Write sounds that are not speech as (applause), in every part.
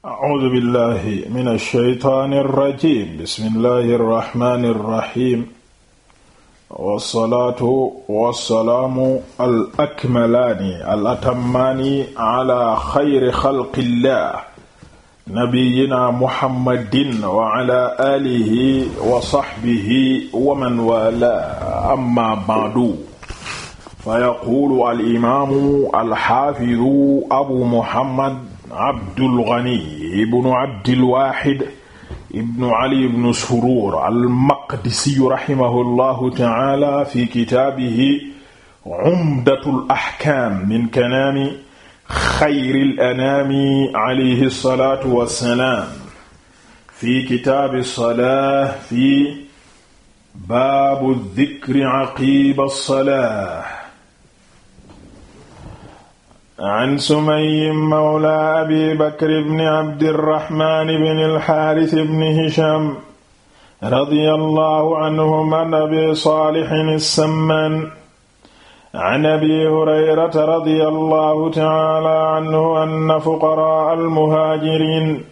A'uuzu billahi mina shaytaani rajiim bismillahi rahmaani rahiim wasalaatu wasalaamu al akmalaani al atammaani ala xayri xalqillah nabiyyina muhammadin wa ala alihi wa sahbihi wa man waalaahu amma ba'du fa yaquulu al imaamu al xaafidu abu muhammad Abdul Ghani ibnu Abdil Wahid ibnu Ali ibnu Surur al-Maqdisi rahimahullahu ta'ala fi kitaabihi Umdatul Ahkaam min kalaami xayril anaami alayhi salaatu wa salaam fi kitaabi salaa fi baabu dikri aqiba salaa an Sumayy mawla abi Bakr ibn Abdirrahmaan ibn al-Haaris ibn Hishaam radiyallahu anhum an Abi Saalih as-Sammaan an Abi Hurayrata radiyallahu ta'aala anhu anna fuqaraa al-muhaajiriin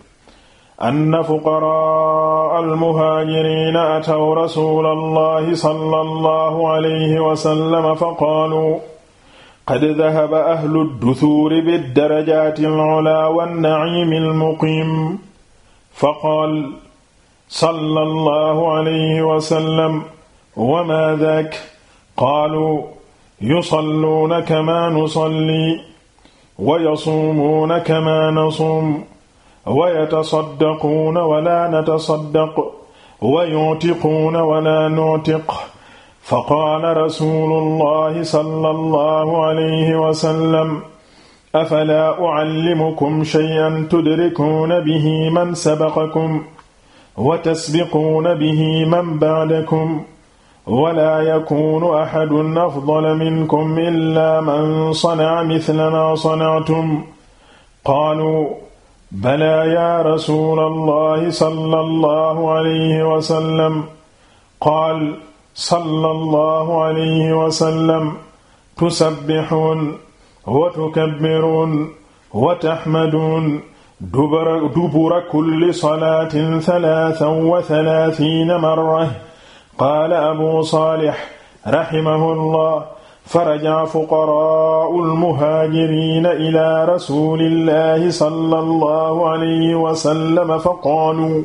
anna fuqaraa al-muhaajiriina ataw rasuulallahi sallallahu alayhi wa sallam faqaaluu qad dahaba ahlu dusuuri biddarajaati al-ulaa wan-na'iimi al-muqiim faqaal sallallahu alayhi wa sallam wa maa daaka qaaluu yusalluuna kamaa nusallii wa yasuumuuna kamaa nasuumu wa yatasaddaquuna wa laa natasaddaqu wa yu'tiquuna wa laa nu'tiqu fa qaala rasuulullahi sallallahu alayhi wa sallam afalaa u'allimukum shay'an tudrikuuna bihi man sabaqakum wa tasbiquuna bihi man ba'dakum wala yakuunu axadun afdala minkum illaa man sanaca misla maa sanactum qaaluu balaa yaa rasuulallahi sallallahu alayhi wa sallam qaal sallallahu alayhi wa sallam tusabbixuun wa tukabbiruun wa taxmaduun dubara dubura kulli salaatin salaasan wa salaasiina marra qaala abu saalix raximahullah faraja fuqaraa'u almuhaajiriina ilaa rasuulillahi sallallahu alayhi wa sallam faqaaluu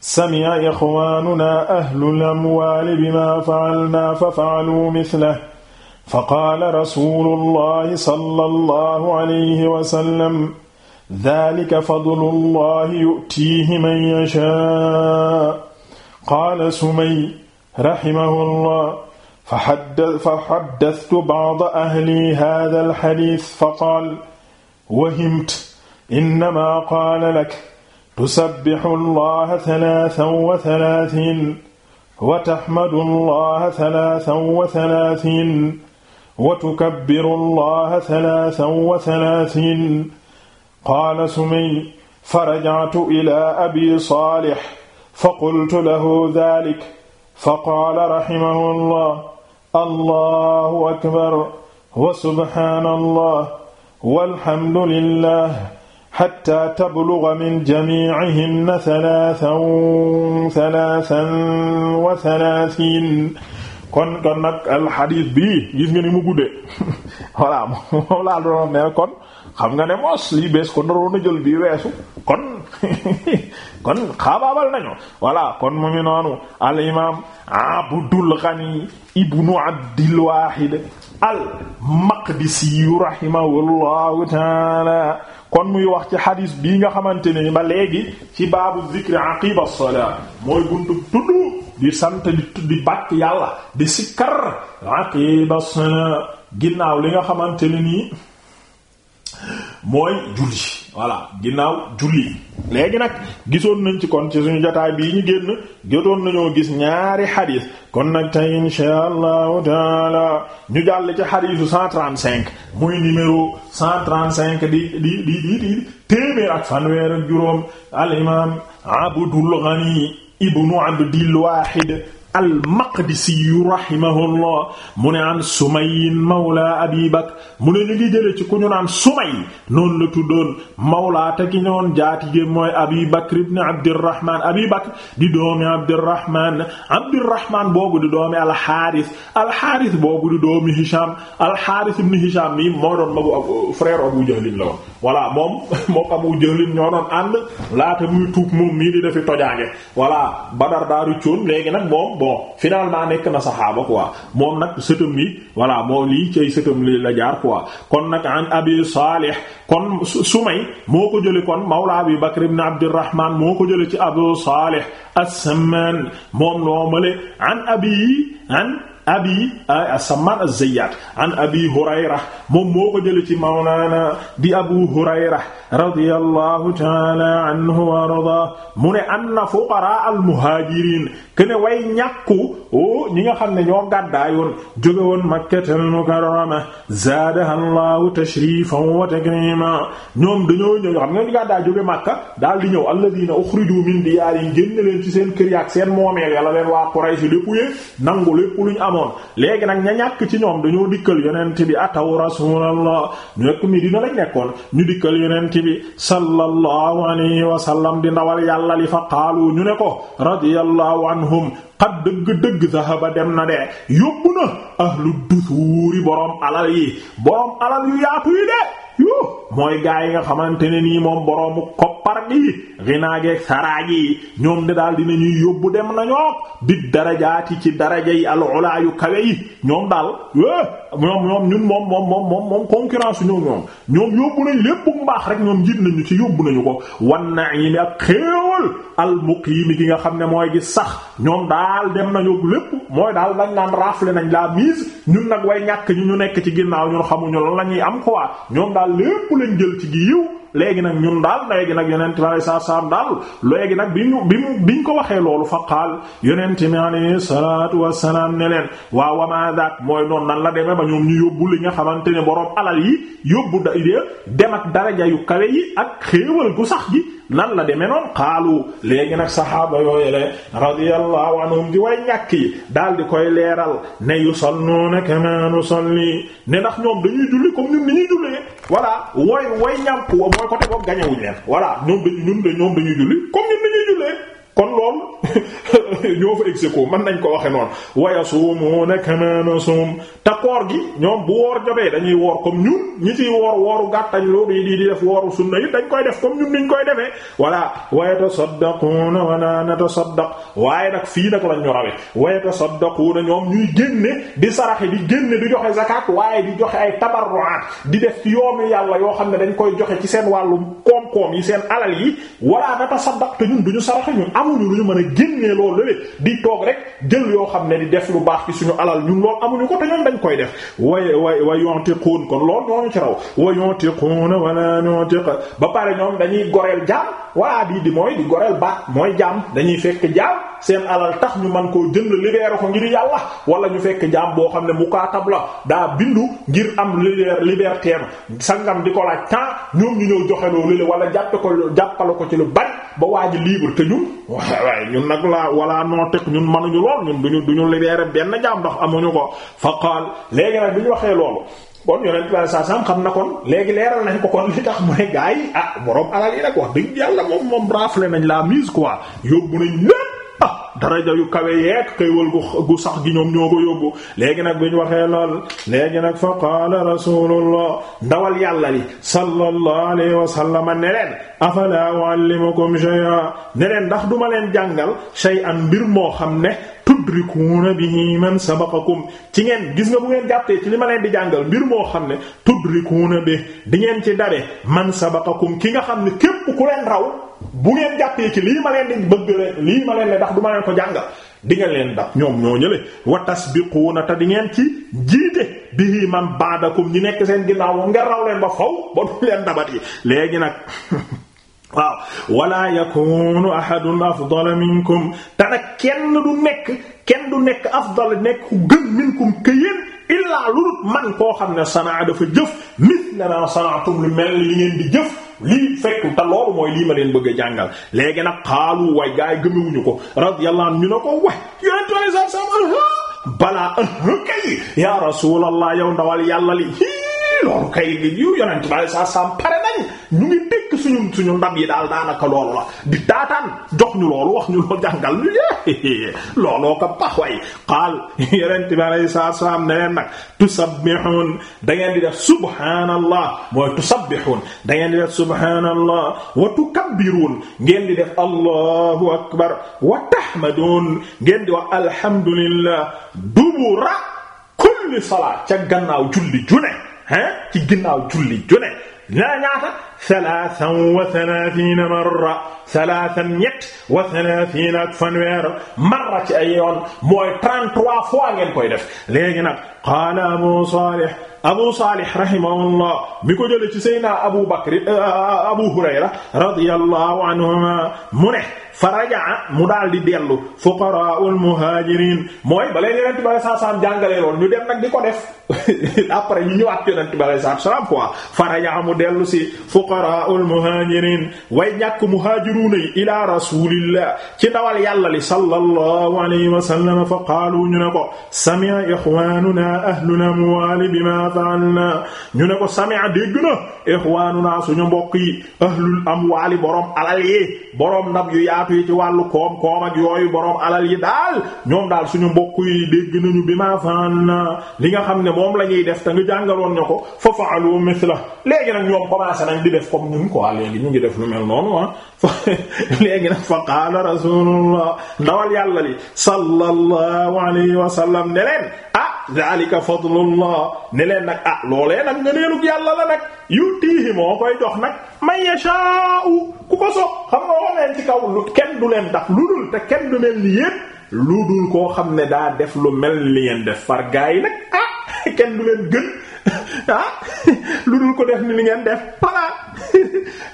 sami'a ixwaanuna ahlul amwaali bimaa fa'alnaa fa fa'aluu mislahu fa qaala rasuulullahi sallallahu alayhi wa sallam daalika fadlullahi yu'tiihi man yashaa qaala sumay rahimahullah fa haddathtu ba'da ahli haadhal hadiis fa qaala wahimtu innamaa qaala laka tusabbixu allaha talatan wa talatin wa taxmadu allaha talatan wa talatin wa tukabbiru allaha talatan wa talatin qaala sumay farajactu ila abi saalix faqultu lahu dalik faqaala raximahu allah allahu akbar wa subhaana allah walhamdu lillah xataa tabluga min jamii'ihinna salaasan salaasan wa salaasiin kon kon nag alxadiis bii gis nga ni mu guddee (laughs) voilà moom laa doon ne kon xam nga ne mos lii bees ko naroon a jël bii weesu kon (laughs) kon xaabaabal nañu voilà kon mu ngi noonu al imaam Abdul Ghani ibnu Abdil Waahid al Maqdisi rahimahullahu taala kon muy wax ci xadis bii nga xamante ne ba léegi ci baabu zikri aqiba salaa mooy buntu tudd di sant di di bàkk yàlla di sikkar aqiba salaa ginnaaw li nga xamante ne nii mooy julli voilà ginnaaw julli léegi nag gisoon nañ ci kon ci suñu jotaay bii ñu génn jotoon nañoo gis ñaari xadis kon nag tey insha allahu taala ñu jàll ci xadisu 135 muy numéro téeméer ak fanweer ak juróom al imam Abdul Ghani ibnu Abdil Wahid al-Maqdisiyu rahimahullah mu ne an Sumayyin mawla Abi Bakr mu ne ñu ngi jële ci ku ñu naan Sumay noonu la tuddoon mawla te ki ñoon jaatige mooy Abi Bakr ibn Abdirrahman di doomi Abdirrahman Abdirrahman boobu di doomi Al-Harith al boobu di doomi Hisham Al-Harith ibn Hisham moo doon magu frère Abu la woon moom (laughs) mook Abu Jahlin ñoo doon ànd laata muy tuub moom mii di dafi tojaange voilà Badar daaru coon léegi nag moom moom bon finalement nekk na saxaaba quoi moom nag sëtëm bi voilà moo lii cay sëtëm li la jaar quoi kon nag an abi kon sumay moo ko jële kon mawla abi bakr ibn moo ko jële ci abu salih as moom loo male an abi abi a samman az-Zayyat an abi Hurayra moom moo ko jële ci mawlaana di abu Hurayra radiyallahu taala anhu wa arda mu ne anna fuqara al-muhaajiriin kene way ñàkku o ñi nga xam ne ñoo gàddaayoon jóge woon Makkatal Mukarrama zaadaha Allahu tashrifan wa takrima ñoom dañoo ñëw xam nga ñu gàddaay jóge Makka daal di ñëw alladina ukhriju min diyaarihim génn leen ci seen kër yaak seen moomeel yàlla leen waa Quraysh lépp yee nangu lépp luñ am amoon léegi nag ña ñàkk ci ñoom dañoo dikkal yonent bi ataw rasulallah ñekk mi dina lañ nekkoon ñu dikkal yonent bi sallallahu alayhi wa sallam di ndawal yàlla li fa qaalu ñu ne ko radiyallahu anhum xat dëgg-dëgg zahaba dem na de yóbbu na ahlu dusuuri boroom alal yi boroom alal yu yaatu yi de yo mooy gaa yi nga xamante ne nii moom boroomu koppar gi rinaageeg saraa yi ñoom de daal dina ñuy yóbbu dem nañoo di darajaati ci daraja yi alxulaa yu kawe yi ñoom daal eh, ñoom ñoom ñun moom moom moom moom moom concurrence ñoom ñoom ñoom yóbbu nañ lépp mu baax rek ñoom jiit nañu ci yóbbu nañu ko wan na yi mi ak xéewal almuqiimi gi nga xam ne mooy gis sax ñoom daal dem nañu lépp mooy daal dañ naan nañ la mise ñun nag way ñàkk ñu ñu nekk ci ginnaaw ñun xamuñu lan la am lañ jël ci gi yiw léegi nag ñun daal léegi nag yonente mi alayhi salaatu salaam daal léegi nag bi ñu bi mu ñu ko waxee loolu fa qaal yonente mi alayhi salaatu wassalaam ne leen waa wamaa daak mooy noonu nan la deme ba ñoom ñu yóbbu li nga xamante ne boroom alal yi yóbbu da dem ak daraja yu kawe yi ak xéewal gu sax gi nan la demee noon xaalu léegi nag saxaaba yooyele radiyallahu anhum di way ñàkk yi daal di koy leeral ne yusalluuna sol nusalli ne ndax ñoom dañuy julli comme ñun ni ñuy jullee voilà wooy way ñàmp mooy côté boobu gañewuñ leen voilà ñoom dañu ñun de ñoom dañuy julli comme ñun ni jullee kon loolu (laughs) ñoo fa execo man nañ ko waxe noonu waya suumuuna kama nasum te koor gi ñoom bu woor jotee dañuy woor comme ñun ñi ciy woor wooru gàttañ loolu yi di def wooru sunna yi dañ koy def comme ñun niñ koy defee voilà wa yatasaddaquuna wa la natasaddaq waaye nag fii nag lañ ñu rawe wa yatasaddaquuna ñoom ñuy génne di saraxe di génne di joxe zakat waaye di joxe ay tabarruat di def ci yoonu yàlla yoo xam ne dañ koy joxe ci seen wàllu koom-koom yi seen alal yi wala natasaddaq te ñun duñu saraxe ñun amuñu lu ñu mën a génnee loolu lépp di toog rek jël yoo xam ne di def lu baax ci suñu alal ñun loolu amuñu ko te ñoom dañ koy def way way way yontiquun kon loolu ñooñu ci raw wa yontiquun wala yontiq ba pare ñoom dañuy goreel jaam wala di di mooy di goreel baat mooy jaam dañuy fekk jaam seen alal tax ñu man koo jënd libéré ko ngir yàlla wala ñu fekk jaam boo xam ne mu mukaatab la daa bindu ngir am liberté sangam di ko la temps ñoom ñu ñëw joxe loolu ko ci lu bari ba waaj libre te ñun waaye ñun nag la wala nootiq ñun mënuñu lool ñun duñu duñu libéré benn jaam ndox amuñu ko fa qaal léegi nag bi ñu waxee loolu kon yonent bi saa saam xam na kon léegi leeral nañ ko kon li tax mu ne gaa ah borom alal yi nag wax dëgg yàlla moom moom rafle nañ la mise quoi yóbbu nañ lépp ah daraja yu kawe yeek xéewal gu sax gi ñoom ñoo ko yóbbu léegi nag bu ñu waxee lool léegi nag fa qaala rasulullah ndawal yàlla li sallallahu alayhi wa sallam ne leen afala uallimukum shay'a ne ndax duma leen jàngal shay'an mbir moo xam ne tudrikuuna bihi man sabaqakum ci ngeen gis nga bu ngeen jàppee ci li ma leen di jàngal mbir moo xam ne tudrikuuna bi di ngeen ci dabe man sabaqakum ki nga xam ne képp ku leen raw bu ngeen jàppee ci lii ma leen di bëgg leen lii ma leen ne ndax du leen ko jàngal di ngeen leen dab ñoom ñoo ñële wa tasbiquuna te di ngeen ci bi bihi man baadakum ñi nekk seen ginnaaw nga raw leen ba faw ba du leen dabat yi léegi nag (laughs) waaw wala yakunu ahadun afdala minkum te nag kenn du nekk kenn du nekk afdal nekk ku gën minkum ke yéen illaa lurut man koo xam ne sanaa dafa jëf mithla ma sanaatum lu mel li ngeen di jëf lii fekk te loolu mooy lii ma leen bëgg a jàngal léegi nag xaalu way gaa yi ko radiyallahu anhu ñu ne ko way yonentu Yàlla sallallahu alayhi wasallam balaa kay ya rasulallah yow ndawal yàlla li loolu kay yu yonentu Yàlla sallallahu alayhi wasallam pare na ñu ngi dékk suñu suñu ndam yi daal daanaka loolu la di taataan jox ñu loolu wax ñu loolu jàngal ñu yee (laughs) looloo ko baax way qaal (laughs) yerente bi alayhi salaatu salaam ne leen nag tusabbihun da ngeen di def subhaanallah mooy tusabbihun da ngeen di def subhaanallah wa tukabbirun ngeen di def allahu akbar wa tahmadun ngeen di wax alhamdulillah dubura kulli salaat ca gannaaw julli june hein ci ginnaaw julli june ñaata salaasan wa salaasiina marra salaasan ñett wa salaasiina ak fanweer marra ci ay yoon mooy 33 fois ngeen koy def léegi nag qaala Abu Saalih Abu Saalih rahimahullah mi ko jëlee ci Seydina Abu Bakr euh, Abu Hurayra radiyallahu anhuma mu ne fa rajaa mu daal di dellu fuqaraa'ul muhaajiriin mooy ba leen Yonent bi sallallahu alayhi wa sallam jàngalee woon ñu dem nag di ko def (laughs) après ñu ñëwaat Yonent bi sallallahu alayhi wa sallam quoi fa rajaa mu dellu si fuqaraa'ul muhaajiriin way ñàkk muhaajiruuna yi ilaa rasuulillah ci ndawal yàlla li sallallahu alayhi wa sallam fa qaalu ñu ne ko sami'a ixwaanunaa ahlul amwaali bimaa fa'alnaa ñu ne ko sami'a dégg na ixwaanunaa suñu mbokk yi ahlul amwaali boroom alal yi boroom ndab yu yaatu yi ci wàllu koom koom ak yooyu boroom alal yi daal ñoom daal suñu mbokk yi dégg nañu bimaa fa'alnaa li nga xam ne moom lañuy def te nga jàngaloon ñu ko fa fa'alu mithla léegi nag ñoom commencé nañ di def comme ñun quoi léegi ñu ngi def lu mel noonu ah (laughs) léegi nag fa qaala rasulullah ndawal yàlla sallallahu alayhi wa sallam ne leen ah zalika fadlullah ne leen nag ah loolee nag nga neenug yàlla la nag yutiihi moo koy jox nag man yashaa'u ku ko so xam nga leen ci kaw lu kenn du leen daf lu dul te kenn du leen li lu dul koo xam ne daa def lu mel li ngeen def far gaa ah (laughs) kenn leen gën (laughs) ah lu dul ko def ni li ngeen def voilà (laughs) ah.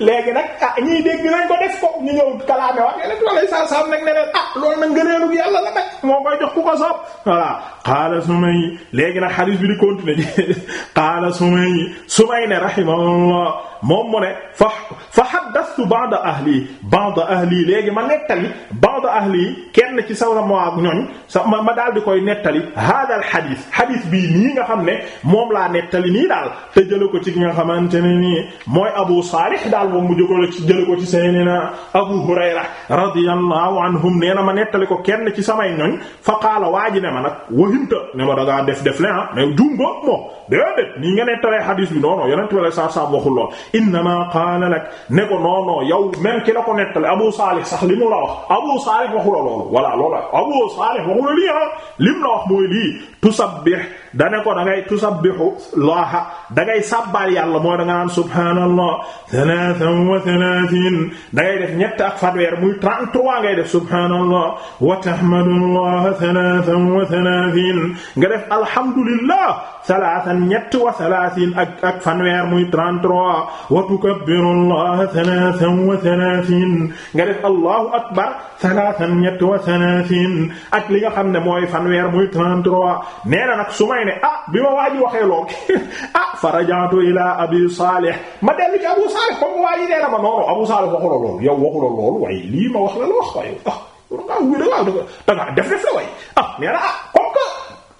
léegi nag ah ñiy dégg nañ ko def ko ñu ñëw kalaame wax yeneen wala saa saam nag ne leen ah loolu nag ngëneelu yàlla la nag moo koy jox ku ko soob voilà qaala Sumay léegi nag xadiis bi di continuer ji (laughs) qaala Sumay Sumay ne rahimahullah moom mu ne fa fa haddastu ba'da ahli ba'da ahli léegi ma nettali ba'd ahli kenn ci sama waa ñoñ sa ma ma daal di koy nettali hada al xadis xadis nii nga xam ne moom laa nettali nii daal te jële ko ci nga xamante ne nii mooy Abu Salih daal moom mu jógale ci jële ko ci sayyidina Abu Hurayra radiyallahu anhum nee na ma nettali ko kenn ci samay ñoñ fa qaala waa ji ne ma nag wahimta ne ma dangaa def def le ah mais juum nga moom déedéet nii nga nettalee xadis bi non non yonent wala sa sa waxul lool innama qaala lak ne ko non non yow même ki la ko nettali Abu Salih sax li mu la wax Saalih waxu la loolu voilà loolu la Abu Saalih waxu la lii ah lim la wax mooy lii tusabbih dane ko da ngay tusabbihu laaha da ngay sàbbaal yàlla mooy da nga naan subhaanallah thalathan wa thalathin da ngay def ñett ak fanweer muy 33 ngay def subhaanallah wa tahmadullah thalathan wa thalathin nga def alhamdulillah thalathan ñett wa thalathin ak ak fanweer muy 33 wa tukabbirullah thalathan wa thalathin nga def allahu akbar thalathan ñett wa thalathin ak li nga xam ne mooy fanweer muy 33 nee na nag sumay mooy ne ah bi ma waaji waxee lool (laughs) ah farajantu ila abi salih ma dellu ci abu salih comme waaji nee na ma noonu abu salih waxu la lool yow waxu la lii ma wax la la wax ah, ah nee na ah comme que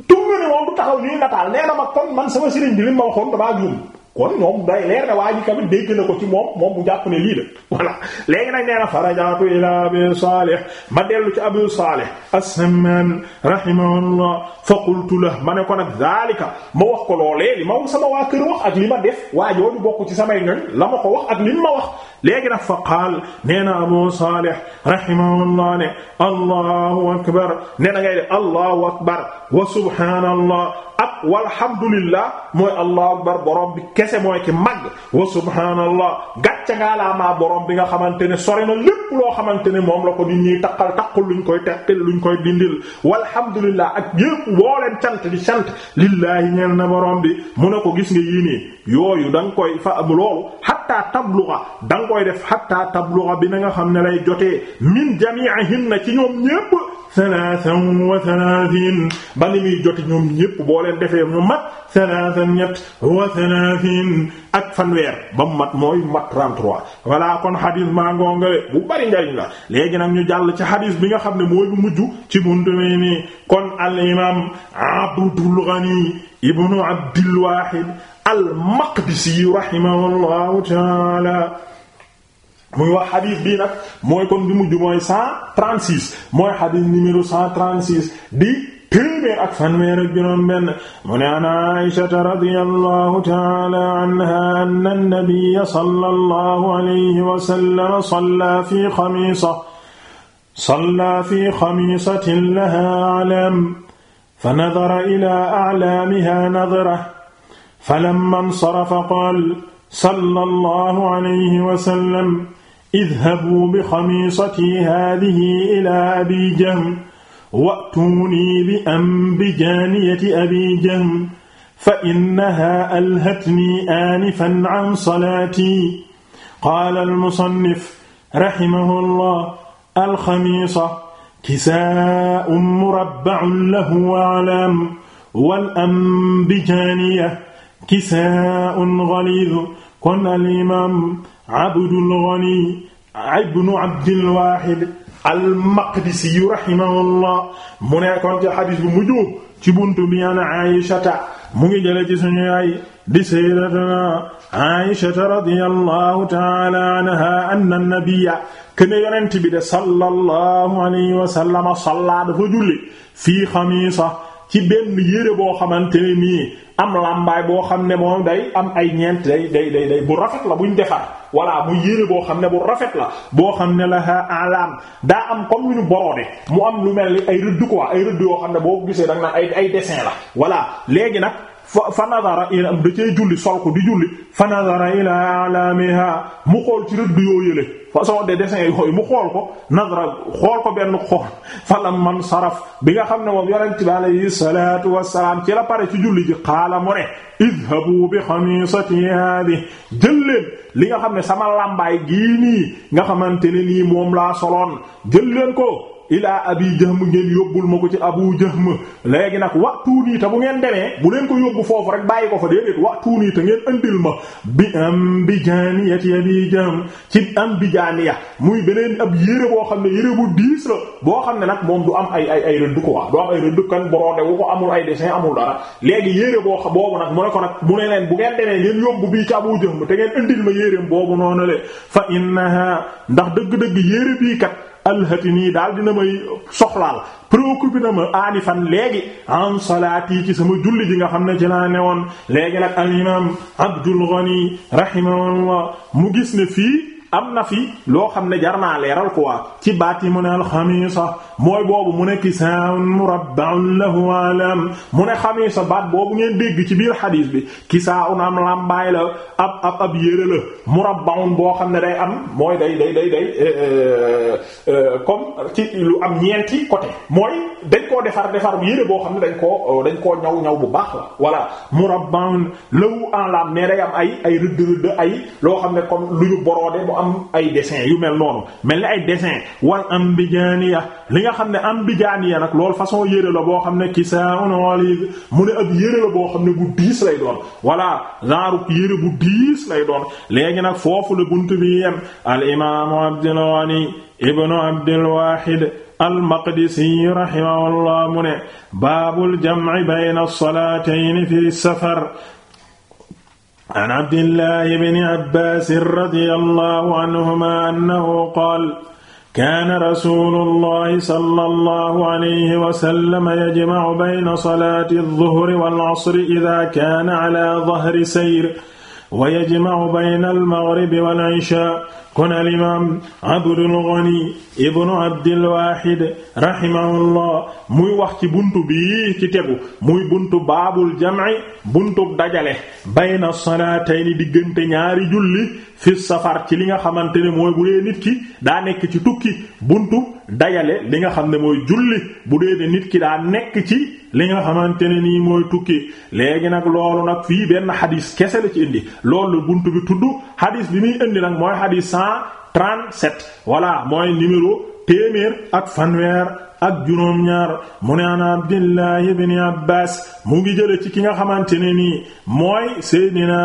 tumga ne moom du taxaw ñuy nataal nee na ma kon man sama sëriñ bi li ma waxoon damaa juum kon ñoom day leer na waa ji tamit dégg na ko ci moom moom mu jàpp ne lii la voilà léegi nag nee na farajaatu ila abi salih ma dellu ci abu salih as-samman rahimahullah fa qultu la ma ne ko nag zalika ma wax ko loolee li ma sama waa kër wax ak li ma def waa jooju bokk ci samay ñoñ la ma ko wax ak li ma wax léegi nag fa qaal nee na abu salih rahimahullah ne allahu akbar ne na ngay def allahu akbar wa subhaanallah ak walhamdulillah mooy allahu akbar borom bi kese mooy ki mag wa subhaanallah laa ngaalaamaa borom bi nga xamante ne sori na lépp loo xamante ne moom la ko nit ñiy taqal taqul luñ koy teqil luñ koy dindil walhamdulillah ak yépp woo leen cant di cant lillaahi ñeel na borom bi mu ne ko gis nga yii nii yooyu da nga koy fa loolu xatta tabluga da nga koy def xatta tabluga bi na nga xam ne lay jotee min na ci ñoom ñépp thalathan wa thalathin ba ni muy joti ñoom ñépp boo leen defee ñu mat thalathan ñett wa thalathin ak fanweer ba mu mat mooy mat 33 voilà kon xadis maa ngoongale bu bari njariñ la léegi nag ñu jàll ci xadis bi nga xam ne mooy bu mujj ci buntu mi nii kon al imam Abdul Ghani ibnu Abdil Wahid al Maqdisi rahimahullahu taala muy wax xadis bii nag mooy kon bi mujj mooy 136 mooy xadis numéro 136 di téeméer ak fanweer ak juróom benn mu ne an Aysata radiyallahu ta'ala anha anna an-nabiyya sallallahu alayhi wa sallam salla fi xamiisa salla fi xamiisatin lahaa a'laam fa nadara ilaa a'laamihaa nadrah falammaa insarafa qaala sallallahu alayhi wa sallam idhabuu bi xamiisatii haadihi ilaa abii jahm wa'tuunii bi anbi jaaniyati abii jahm fa innahaa alhatnii aanifan can salaatii qaala almusannif rahimahullaah alxamiisa kisaa'un murabbacun lahu aclaam wal anbi jaaniya kisaa'un galiid kon alimaam Abdul Ghani ibnu Abdil Wahid al-Maqdisi rahimahullah mu nekkoon ci xadis bu mujj ci buntu bi an Aysata mu ngi jële ci suñu yaay di sayyidatuna Aysata radiyallahu ta'ala anha anna nabiyya kene yonent bi de sallallahu alayhi wa sallam salla dafa julli fii xamiisa ci benn yére boo xamante ne nii am làmbaay boo xam ne moom day am ay ñeent day day day bu rafet la buñ defar voilà mu yére boo xam ne bu rafet la boo xam ne la alam daa am comme lu ñu boroode mu am lu mel ni ay rëdd quoi ay rëdd yoo xam ne boo gisee da nga ay ay dessin la voilà léegi nag fa fa nazara ila da cee julli sol ko di julli fa nazara ila alamiha mu xool ci rëdd yoo yële façon de dessin yooyu mu xool ko nadra xool ko benn xool falam man saraf bi nga xam ne moom yonent bi alayhi salatu wasalaam ci la pare ci julli ji xaala mu ne idhabu bi xamisati hadi jël li nga xam ne sama làmbaay gii nii nga xamante ne nii moom laa soloon jël leen ko ilaa abi jahm ngeen yóbbul ma ko ci abu jahm léegi nag wa tuuni te bu ngeen demee bu leen ko yóbbu foofu rek bàyyi ko fa déedéet wa tuuni te ngeen andil ma bi am bi jaaniyati abi jahm ci am bi jaaniya muy beneen ab yére boo xam ne yére bu diis la boo xam ne nag moom du am ay ay ay rëdd quoi du am ay rëdd kan borode wu ko amul ay dessin amul dara léegi yére boo xam boobu nag mu ne ko nag mu ne bu ngeen demee ngeen yóbbu bii ci abu jahm te ngeen andil ma yéreem boobu noonu le fa innaha ndax dëgg-dëgg yére bii kat alhatini daal dina may soxlaal préoccupé ma aani fan léegi an salaati ci sama julli ji nga xam ne ci laa newoon léegi nag al imam Abdul Ghani rahimahullah mu gis ne fii am na fi loo xam ne jar naa leeral quoi ci baat yi mu ne alxamisa mooy boobu mu ne kisaan murabba'un lahu alam mu ne xamisa baat boobu ngeen dégg ci biir xadiis bi kisaan am làmbaay la ab ab ab yére la murabba'un boo xam ne day am mooy day day day day euh, euh, euh, comme ci lu am ñeenti côté mooy dañ koo defar defar yére boo xam ne dañ koo dañ koo ñaw ñaw bu baax la voilà murabba'un lahu alam day am ay rëdd rëdd ay loo xam ne comme lu ñu boroode am ay yu mel noonu mel ni ay dessin wal ambijaaniya li nga xam ne ambijaaniya nag lool façon yére la boo xam ne kisaa'un ghalid mu ne ab yére la boo xam ne bu diis lay doon voilà genre yére bu diis lay doon léegi nag foofu la bunt bi yem al imaamu Abdul Ghani ibnu mu ne baabul jam'i bayna as fi safar an abdillahi bni abbaasin radiyallahu anhuma annahu qaal kaana rasuulullahi sallallahu alayhi wa sallam yajmacu bayna salaati alzuhri wal casri idaa kaana calaa dahri sayr wa yajma'u bayna al-maghribi wal-'isha kon al-imaam Abdul Ghani ibnu Abdil Waahid rahimahullah muy wax ci bunt bi ci tegu muy buntu baabul jam'i buntu dajale bayna salaatayni diggante ñaari julli fi safar ci li nga xamante ne mooy bu dee nit ki daa nekk ci tukki buntu dajale li nga xam ne mooy julli bu dee ne nit ki daa nekk ci. li nga xamante ne nii mooy tukki léegi nag loolu nag fii benn xadis kese la ci indi loolu buntu bi tudd xadis bi muy indi nag mooy xadis 137 voilà mooy numéro téeméer ak fanweer ak juróom-ñaar mu ne an abdillahi ibni abbas mu ngi jële ci ki nga xamante ne nii mooy seydina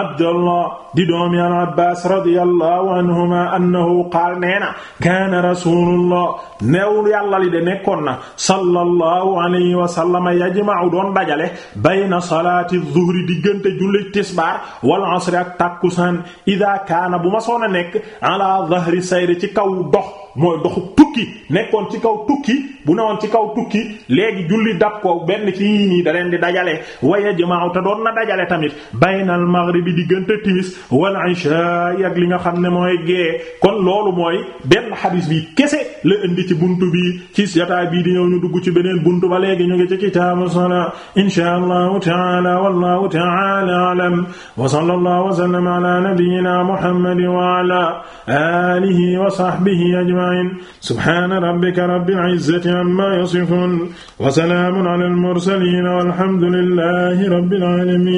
abdallah di doomi al abbas radiyallahu anhuma annahu qaal nee na kaana rasulullah neew yàlla li de nekkoon na sallallahu alayhi wa sallama yajma'u doon dajale bayna salaati zuhri diggante julli tisbaar wal asri ak tàkkusaan ida kaana bu ma soon a nekk ala zahri sayri ci kaw dox mooy doxu tukki nekkoon ci kaw tukki bu newoon ci kaw tukki léegi julli dab ko benn ci yii nii da leen di dajale waya jamaaw te doon na dajale tamit baynal maghribi diggante timis wal isha ak li nga xam ne mooy gée kon loolu mooy benn xadis bi kese la indi ci buntu bi ci jotaay bii di ñëw ñu dugg ci beneen buntu ba léegi ñu ngi ci kitaabu salaa inshaa allahu taala wallahu taala alam wa sallallahu wa sallama ala nabiyyina muhammad wa ala alihi wa sahbihi ajma'in subhana rabbika rabbil izzati amma yasifun wa salamun ala al mursalin walhamdulillahi rabbil alamin